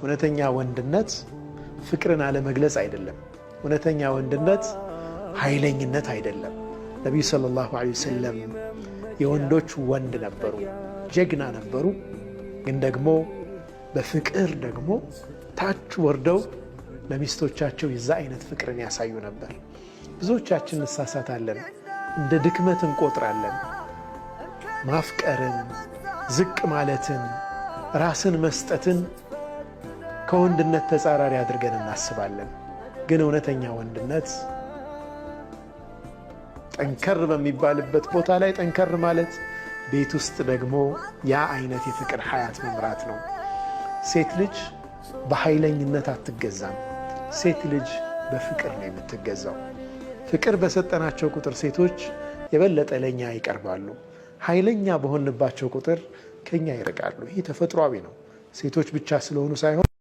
እውነተኛ ወንድነት ፍቅርን አለመግለጽ አይደለም። እውነተኛ ወንድነት ኃይለኝነት አይደለም። ነቢዩ ሰለላሁ ዐለይሂ ወሰለም የወንዶች ወንድ ነበሩ፣ ጀግና ነበሩ። ግን ደግሞ በፍቅር ደግሞ ታች ወርደው ለሚስቶቻቸው የዛ አይነት ፍቅርን ያሳዩ ነበር። ብዙዎቻችን እንሳሳታለን፣ እንደ ድክመት እንቆጥራለን። ማፍቀርን፣ ዝቅ ማለትን፣ ራስን መስጠትን ከወንድነት ተጻራሪ አድርገን እናስባለን። ግን እውነተኛ ወንድነት ጠንከር በሚባልበት ቦታ ላይ ጠንከር ማለት፣ ቤት ውስጥ ደግሞ ያ አይነት የፍቅር ሀያት መምራት ነው። ሴት ልጅ በኃይለኝነት አትገዛም። ሴት ልጅ በፍቅር ነው የምትገዛው። ፍቅር በሰጠናቸው ቁጥር ሴቶች የበለጠ ለኛ ይቀርባሉ። ኃይለኛ በሆንባቸው ቁጥር ከኛ ይርቃሉ። ይህ ተፈጥሯዊ ነው። ሴቶች ብቻ ስለሆኑ ሳይሆን